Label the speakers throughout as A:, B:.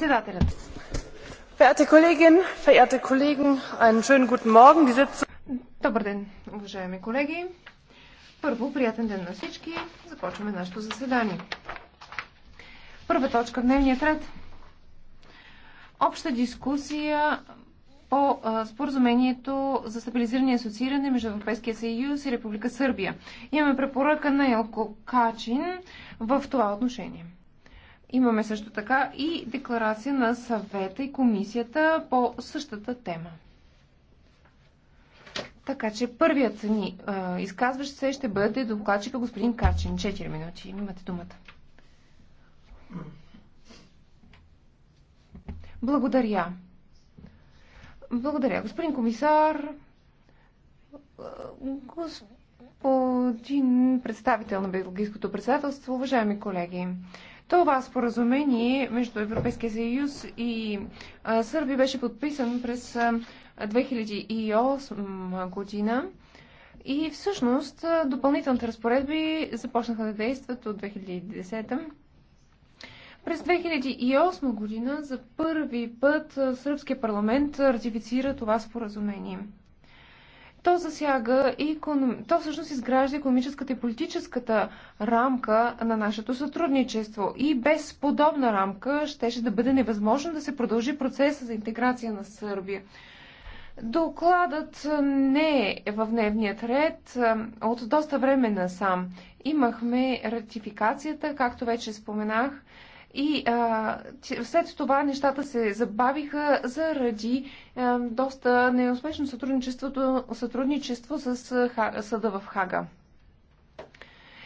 A: Председателят. schönen guten Morgen. Die Добър ден, уважаеми колеги. Първо, приятен ден на всички. Започваме нашето заседание. Първа точка в дневния ред. Обща дискусия по споразумението за стабилизиране и асоцииране между Европейския съюз и Република Сърбия. Имаме препоръка на Елко Качин в това отношение. Имаме също така и декларация на съвета и комисията по същата тема. Така че първият ни изказващ се ще бъде докладчика господин Качин. Четири минути. Имате думата. Благодаря. Благодаря, господин комисар. Господин представител на Белгийското председателство, уважаеми колеги. Това споразумение между Европейския съюз и Сърби беше подписан през 2008 година. И всъщност допълнителните разпоредби започнаха да действат от 2010. През 2008 година за първи път Сръбския парламент ратифицира това споразумение. То засяга и то всъщност изгражда економическата и политическата рамка на нашето сътрудничество. И без подобна рамка щеше да бъде невъзможно да се продължи процеса за интеграция на Сърбия. Докладът не е в дневният ред от доста време насам. Имахме ратификацията, както вече споменах, и а, след това нещата се забавиха заради а, доста неуспешно сътрудничеството, сътрудничество с ха, съда в Хага.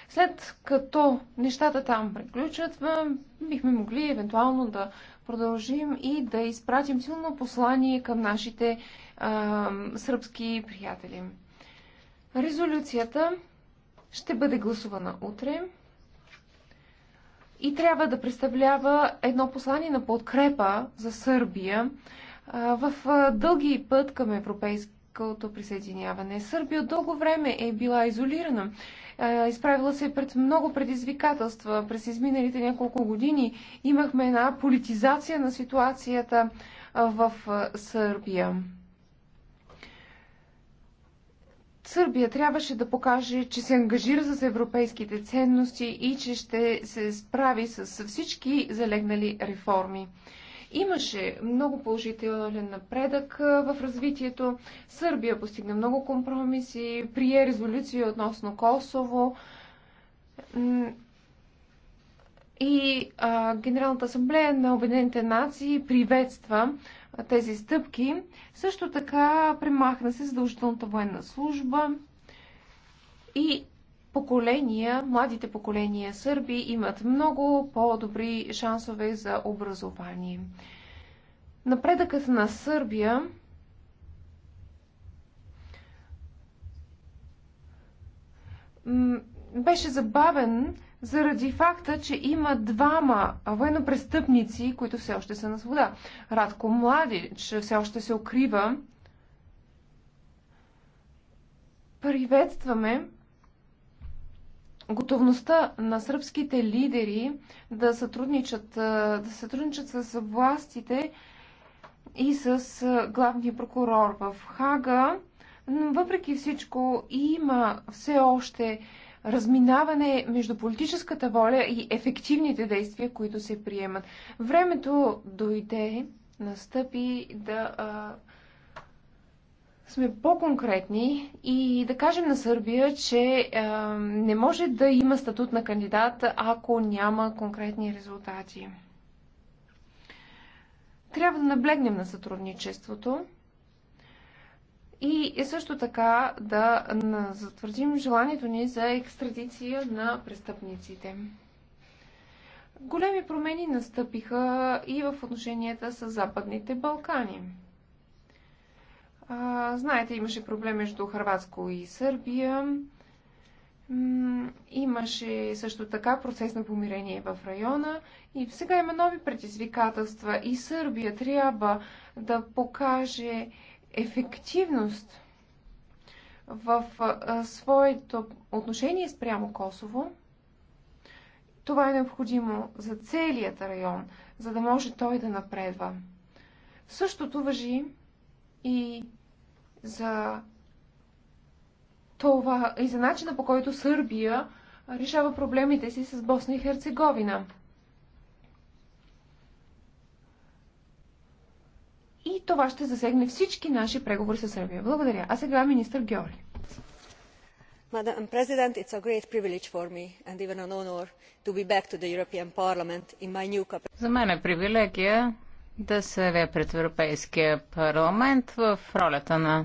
A: След като нещата там приключат, бихме могли евентуално да продължим и да изпратим силно послание към нашите а, сръбски приятели. Резолюцията ще бъде гласувана утре и трябва да представлява едно послание на подкрепа за Сърбия в дълги път към европейското присъединяване. Сърбия дълго време е била изолирана. Изправила се пред много предизвикателства. През изминалите няколко години имахме една политизация на ситуацията в Сърбия. Сърбия трябваше да покаже, че се ангажира с европейските ценности и че ще се справи с всички залегнали реформи. Имаше много положителен напредък в развитието. Сърбия постигна много компромиси, прие резолюция относно Косово. И а, Генералната асамблея на Обединените нации приветства тези стъпки. Също така премахна се задължителната военна служба и поколения, младите поколения сърби имат много по-добри шансове за образование. Напредъкът на Сърбия беше забавен заради факта, че има двама военнопрестъпници, които все още са на свобода. Радко Младич все още се укрива. Приветстваме готовността на сръбските лидери да сътрудничат, да сътрудничат с властите и с главния прокурор в Хага. Но въпреки всичко има все още разминаване между политическата воля и ефективните действия, които се приемат. Времето дойде, настъпи да а, сме по-конкретни и да кажем на Сърбия, че а, не може да има статут на кандидат, ако няма конкретни резултати. Трябва да наблегнем на сътрудничеството, и също така да затвърдим желанието ни за екстрадиция на престъпниците. Големи промени настъпиха и в отношенията с Западните Балкани. Знаете, имаше проблем между Харватско и Сърбия. Имаше също така процес на помирение в района и сега има нови предизвикателства и Сърбия трябва да покаже ефективност в своето отношение спрямо Косово, това е необходимо за целият район, за да може той да напредва. Същото въжи и за това, и за начина по който Сърбия решава проблемите си с Босна и Херцеговина – И това ще засегне всички наши преговори с Сърбия. Благодаря. А сега министър Георги.
B: Madam President, it's a great privilege for me and even an honor to be back to the European Parliament in my new capacity. За мен е привилегия да се явя пред Европейския парламент в ролята на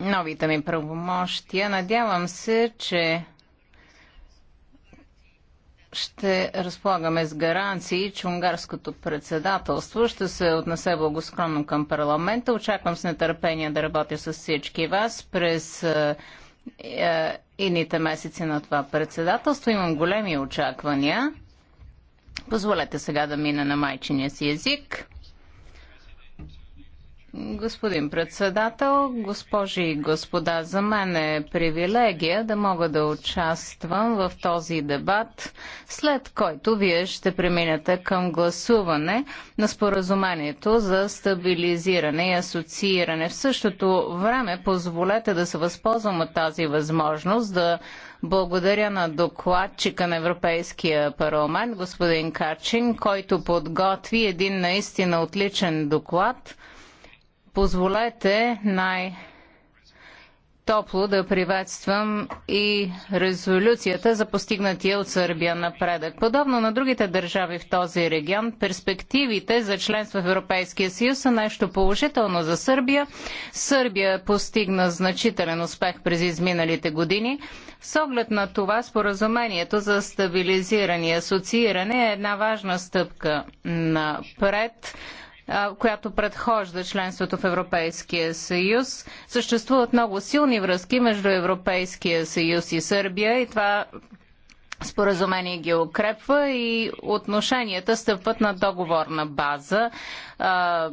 B: новите ми правомощия. Надявам се, че ще разполагаме с гаранции, че унгарското председателство ще се отнесе благосклонно към парламента. Очаквам с нетърпение да работя с всички вас през ините е, е, месеци на това председателство. Имам големи очаквания. Позволете сега да мина на майчиния си език. Господин председател, госпожи и господа, за мен е привилегия да мога да участвам в този дебат, след който вие ще преминете към гласуване на споразумението за стабилизиране и асоцииране. В същото време позволете да се възползвам от тази възможност да благодаря на докладчика на Европейския парламент, господин Качин, който подготви един наистина отличен доклад – Позволете най- топло да приветствам и резолюцията за постигнатия от Сърбия напредък. Подобно на другите държави в този регион, перспективите за членство в Европейския съюз са нещо положително за Сърбия. Сърбия постигна значителен успех през изминалите години. С оглед на това, споразумението за стабилизиране и асоцииране е една важна стъпка напред която предхожда членството в Европейския съюз. Съществуват много силни връзки между Европейския съюз и Сърбия и това споразумение ги укрепва и отношенията стъпват на договорна база а,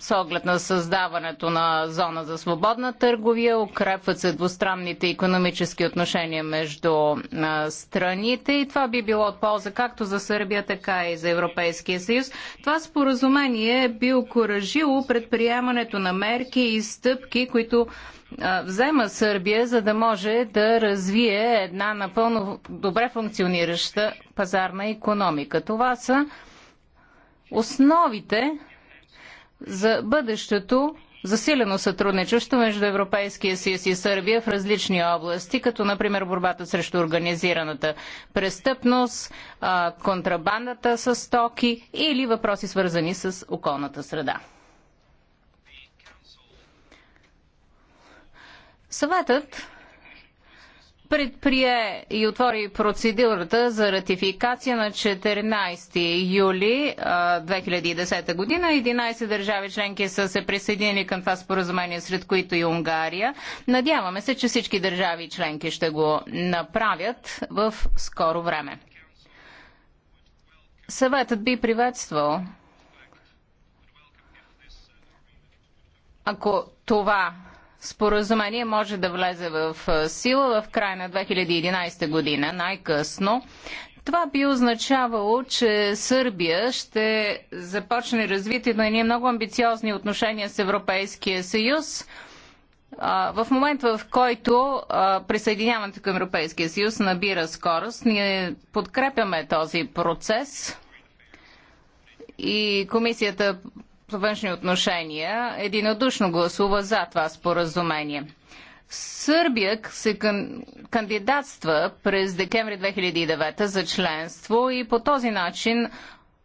B: с оглед на създаването на зона за свободна търговия, укрепват се двустранните економически отношения между а, страните и това би било от полза както за Сърбия, така и за Европейския съюз. Това споразумение би окоръжило предприемането на мерки и стъпки, които взема Сърбия, за да може да развие една напълно добре функционираща пазарна економика. Това са основите за бъдещето засилено сътрудничество между Европейския съюз и Сърбия в различни области, като например борбата срещу организираната престъпност, контрабандата с стоки или въпроси свързани с околната среда. Съветът предприе и отвори процедурата за ратификация на 14 юли 2010 година. 11 държави членки са се присъединили към това споразумение, сред които и Унгария. Надяваме се, че всички държави членки ще го направят в скоро време. Съветът би приветствал ако това споразумение може да влезе в сила в края на 2011 година, най-късно. Това би означавало, че Сърбия ще започне развитие на едни много амбициозни отношения с Европейския съюз. В момент, в който присъединяването към Европейския съюз набира скорост, ние подкрепяме този процес и Комисията външни отношения единодушно гласува за това споразумение. Сърбия се кандидатства през декември 2009 за членство и по този начин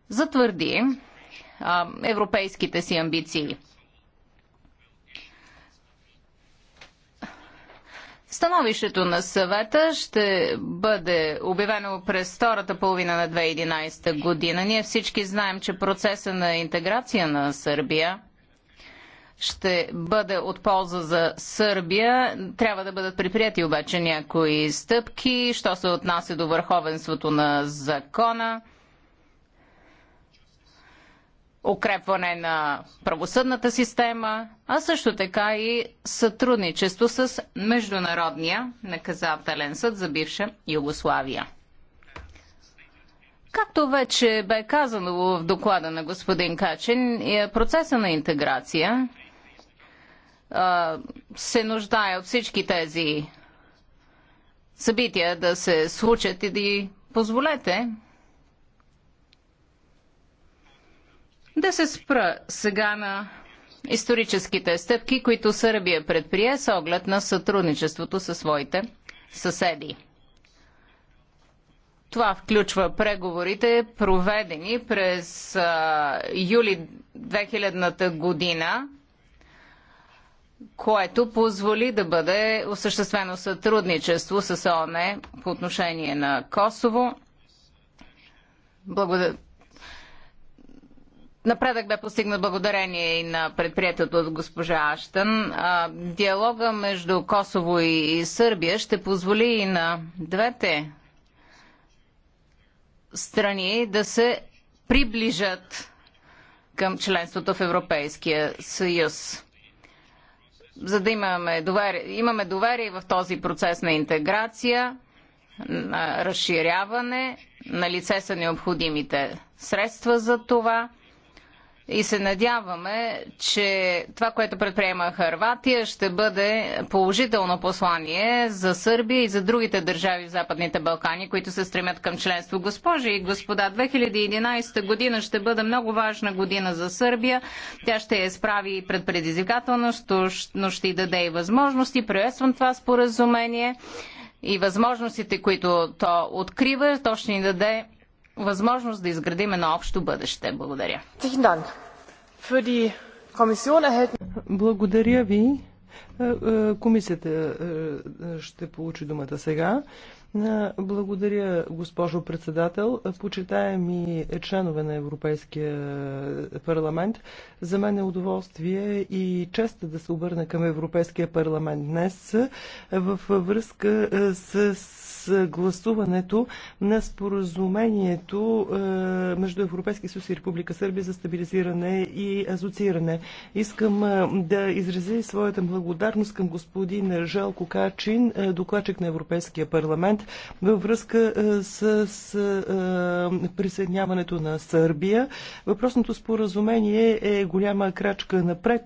B: затвърди а, европейските си амбиции. Становището на съвета ще бъде обявено през втората половина на 2011 година. Ние всички знаем, че процеса на интеграция на Сърбия ще бъде от полза за Сърбия. Трябва да бъдат приприяти обаче някои стъпки, що се отнася до върховенството на закона укрепване на правосъдната система, а също така и сътрудничество с Международния наказателен съд за бивша Югославия. Както вече бе казано в доклада на господин Качин, е, процеса на интеграция се нуждае от всички тези събития да се случат и да позволете Да се спра сега на историческите стъпки, които Сърбия предприе с оглед на сътрудничеството със своите съседи. Това включва преговорите, проведени през а, юли 2000 година, което позволи да бъде осъществено сътрудничество с ООН по отношение на Косово. Благодаря Напредък бе постигнат благодарение и на предприятието от госпожа Аштън. Диалога между Косово и Сърбия ще позволи и на двете страни да се приближат към членството в Европейския съюз. За да имаме доверие, имаме доверие в този процес на интеграция, на разширяване, на лице са необходимите средства за това – и се надяваме, че това, което предприема Харватия, ще бъде положително послание за Сърбия и за другите държави в Западните Балкани, които се стремят към членство. Госпожи и господа, 2011 година ще бъде много важна година за Сърбия. Тя ще я справи и пред предизвикателност, но ще й даде и възможности. Приветствам това споразумение и възможностите, които то открива. То ще ни даде възможност да изградим едно общо бъдеще. Благодаря.
C: Благодаря ви. Е, е, комисията е, ще получи думата сега. Благодаря, госпожо председател. Почитаеми членове на Европейския парламент, за мен е удоволствие и чест да се обърна към Европейския парламент днес във връзка с гласуването на споразумението е, между Европейския съюз и Република Сърбия за стабилизиране и асоцииране. Искам е, да изразя своята благодарност към господин Жалко Качин, е, докладчик на Европейския парламент, във връзка с присъединяването на Сърбия. Въпросното споразумение е голяма крачка напред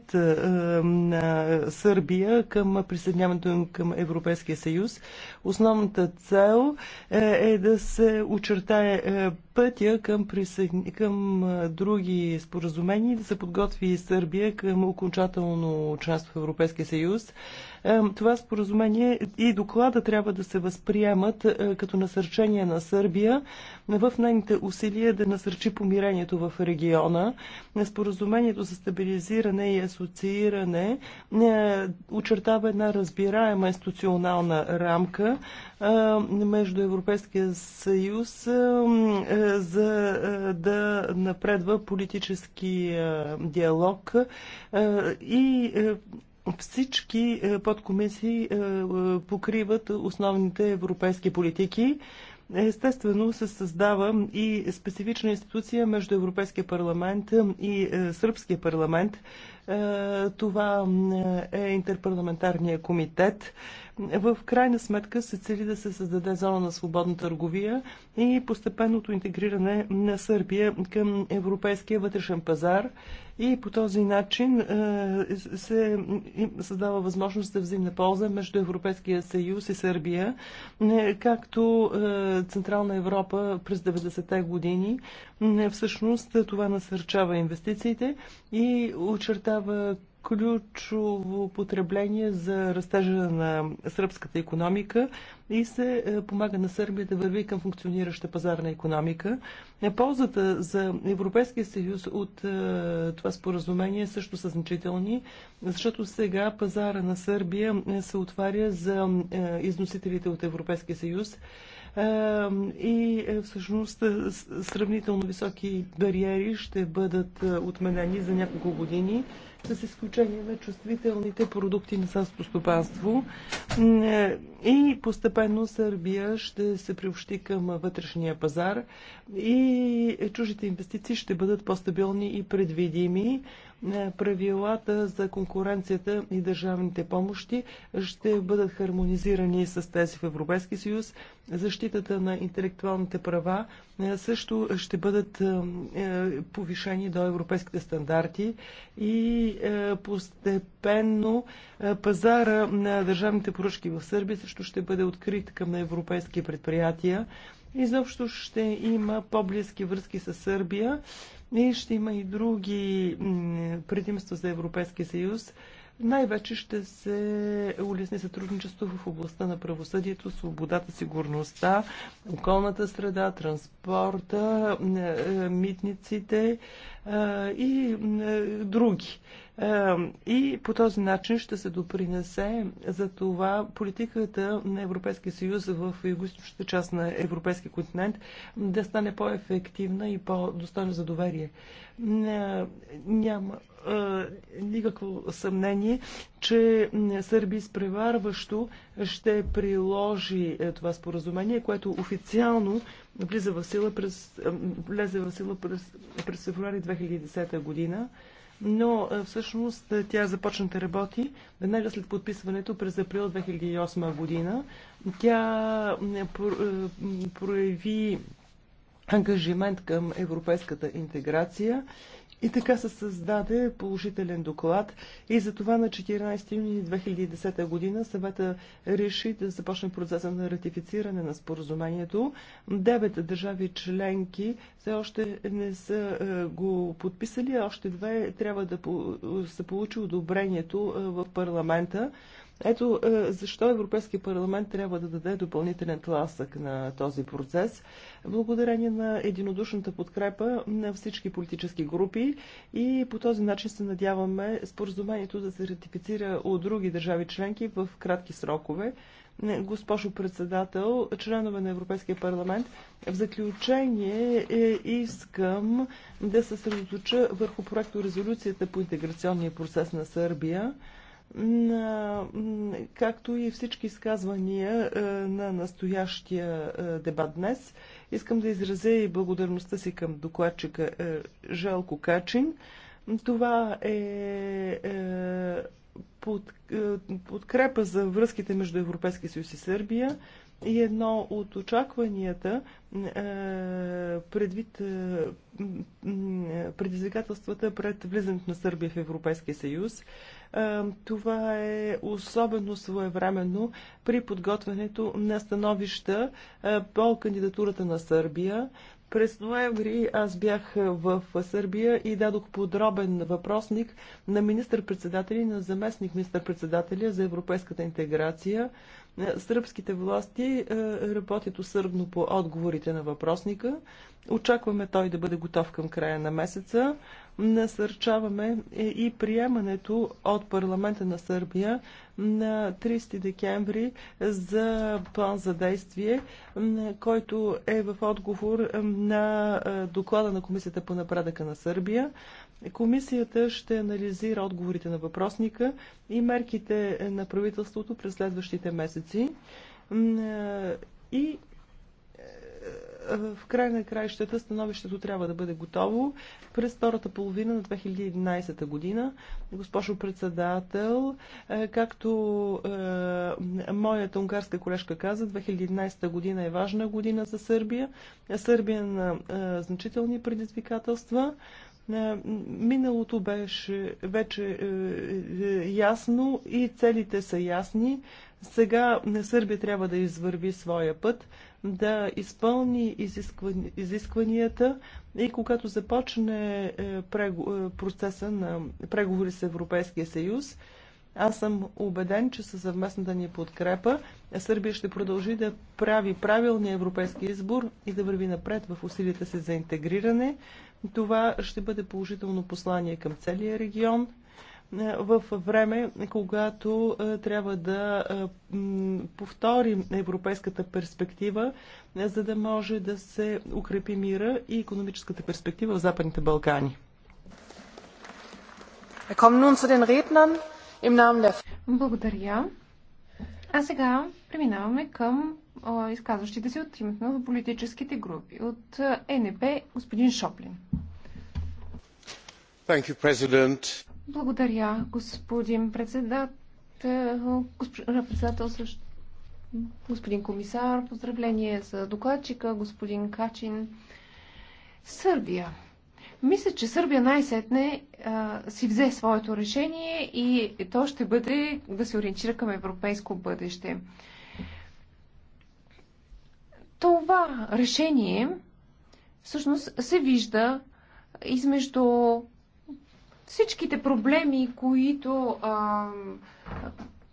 C: на Сърбия към присъединяването към Европейския съюз. Основната цел е, е да се очертае е, пътя към, присъ... към други споразумения да се подготви Сърбия към окончателно част в Европейския съюз. Това споразумение и доклада трябва да се възприемат като насърчение на Сърбия в нейните усилия да насърчи помирението в региона. Споразумението за стабилизиране и асоцииране очертава една разбираема институционална рамка между Европейския съюз, за е, да напредва политически е, диалог е, и всички подкомисии покриват основните европейски политики. Естествено се създава и специфична институция между Европейския парламент и Сръбския парламент, е, това е интерпарламентарния комитет. В крайна сметка се цели да се създаде зона на свободна търговия и постепенното интегриране на Сърбия към европейския вътрешен пазар и по този начин е, се създава възможност да взаимна полза между Европейския съюз и Сърбия, е, както Централна Европа през 90-те години. Всъщност това насърчава инвестициите и очертава представлява ключово потребление за растежа на сръбската економика и се е, помага на Сърбия да върви към функционираща пазарна економика. Е, ползата за Европейския съюз от е, това споразумение също са значителни, защото сега пазара на Сърбия се отваря за износителите от Европейския съюз и е, всъщност е, сравнително високи бариери ще бъдат е, отменени за няколко години, с изключение на чувствителните продукти на селско стопанство. И постепенно Сърбия ще се приобщи към вътрешния пазар и чужите инвестиции ще бъдат по-стабилни и предвидими правилата за конкуренцията и държавните помощи ще бъдат хармонизирани с тези в Европейски съюз. Защитата на интелектуалните права е, също ще бъдат е, е, повишени до европейските стандарти и постепенно пазара на държавните поръчки в Сърбия също ще бъде открит към европейски предприятия. Изобщо ще има по-близки връзки с Сърбия и ще има и други предимства за Европейския съюз. Най-вече ще се улесни сътрудничество в областта на правосъдието, свободата, сигурността, околната среда, транспорта, е, митниците и е, други. И по този начин ще се допринесе за това политиката на Европейския съюз в югоисточната част на Европейския континент да стане по-ефективна и по-достойна за доверие. Няма никакво съмнение, че Сърби изпреварващо ще приложи е, това споразумение, което официално в сила през, влезе в сила през, през февруари 2010 година но всъщност тя започна да работи веднага след подписването през април 2008 година. Тя прояви ангажимент към европейската интеграция и така се създаде положителен доклад и за това на 14 юни 2010 година съвета реши да започне процеса на ратифициране на споразумението. Девет държави членки все още не са е, го подписали, а още две трябва да се получи одобрението е, в парламента. Ето е, защо Европейския парламент трябва да даде допълнителен тласък на този процес, благодарение на единодушната подкрепа на всички политически групи и по този начин се надяваме споразумението да се ратифицира от други държави членки в кратки срокове. Госпожо председател, членове на Европейския парламент, в заключение е, искам да се съсредоточа върху проекто резолюцията по интеграционния процес на Сърбия – както и всички изказвания е, на настоящия е, дебат днес. Искам да изразя и благодарността си към докладчика е, Жалко Качин. Това е подкрепа за връзките между Европейския съюз и Сърбия. И едно от очакванията е, предвид е, е, предизвикателствата пред влизането на Сърбия в Европейския съюз. Това е особено своевременно при подготвянето на становища по кандидатурата на Сърбия. През ноември аз бях в Сърбия и дадох подробен въпросник на министър-председателя и на заместник министър-председателя за европейската интеграция. Сръбските власти е, работят усърдно по отговорите на въпросника. Очакваме той да бъде готов към края на месеца. Насърчаваме и приемането от парламента на Сърбия на 30 декември за план за действие, който е в отговор на доклада на Комисията по напредъка на Сърбия. Комисията ще анализира отговорите на въпросника и мерките на правителството през следващите месеци. И в край на краищата становището трябва да бъде готово през втората половина на 2011 година. Госпожо председател, е, както е, моята унгарска колежка каза, 2011 година е важна година за Сърбия. Сърбия на е, значителни предизвикателства. Миналото беше вече ясно и целите са ясни. Сега Сърбия трябва да извърви своя път да изпълни изискванията и когато започне е, е, процеса на преговори с Европейския съюз, аз съм убеден, че със съвместната ни подкрепа Сърбия ще продължи да прави правилния европейски избор и да върви напред в усилията си за интегриране. Това ще бъде положително послание към целия регион – е, в време, когато е, трябва да е, повторим европейската перспектива, за да може да се укрепи мира и економическата перспектива в Западните Балкани.
A: Благодаря. А сега преминаваме към изказващите се от името на политическите групи. От НП, господин Шоплин.
C: Thank you, President.
A: Благодаря, господин председател. Господин председател също. Господин комисар, поздравление за докладчика, господин Качин. Сърбия. Мисля, че Сърбия най-сетне си взе своето решение и то ще бъде да се ориентира към европейско бъдеще. Това решение всъщност се вижда измежду всичките проблеми, които а,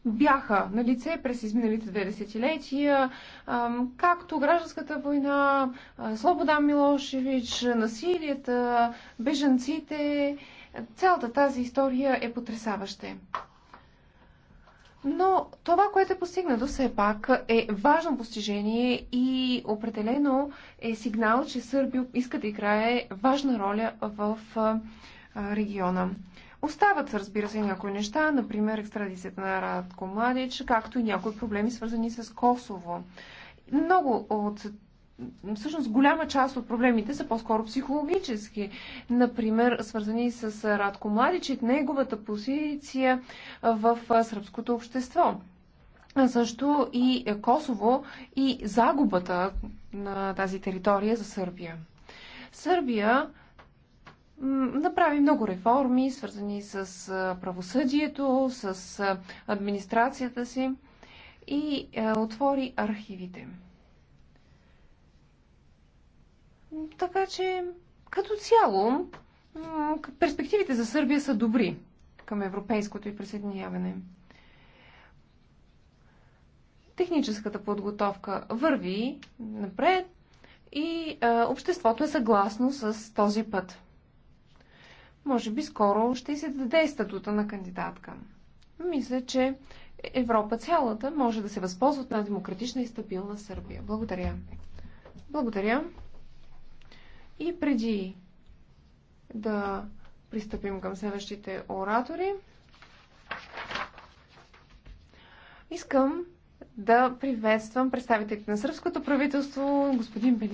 A: бяха на лице през изминалите две десетилетия, а, както гражданската война, а, Слобода Милошевич, насилията, бежанците, цялата тази история е потрясаваща. Но това, което е постигнато все пак е важно постижение и определено е сигнал, че Сърбия иска да играе важна роля в региона. Остават, разбира се, някои неща, например екстрадицията на Радко Младич, както и някои проблеми, свързани с Косово. Много от всъщност голяма част от проблемите са по-скоро психологически. Например, свързани с Радко Младич и неговата позиция в сръбското общество. също и Косово и загубата на тази територия за Сърбия. Сърбия направи много реформи, свързани с правосъдието, с администрацията си и отвори архивите. Така че, като цяло, перспективите за Сърбия са добри към европейското и присъединяване. Техническата подготовка върви напред и обществото е съгласно с този път. Може би скоро ще се даде статута на кандидатка. Мисля, че Европа цялата може да се възползва от една демократична и стабилна Сърбия. Благодаря. Благодаря. И преди да пристъпим към следващите оратори, искам да приветствам представителите на сръбското правителство, господин Бенис